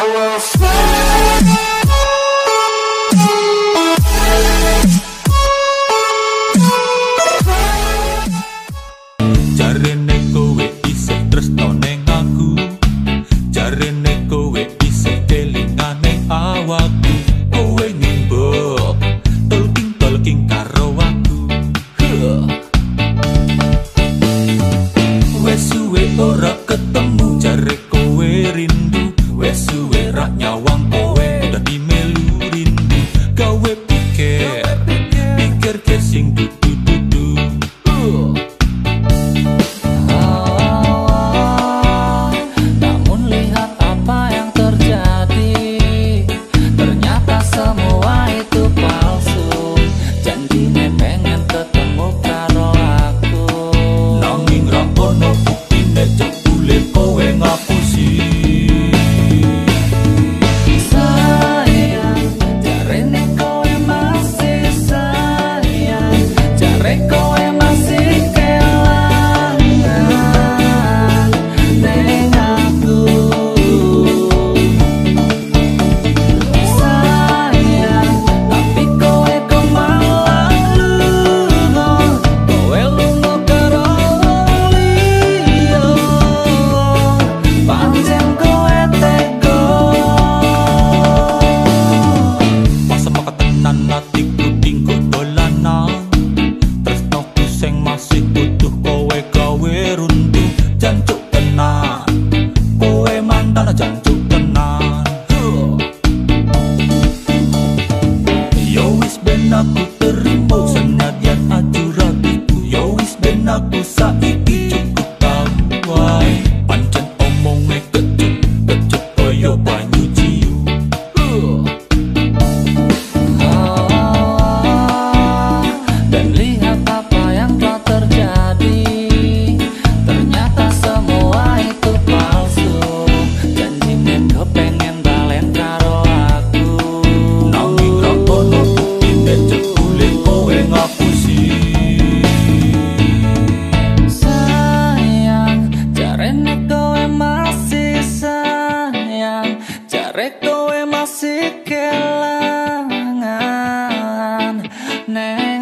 I will sana jancu tenan Yo wis ben aku terima senadyan acurabiku Yo wis ben aku saing kasih kelangan nek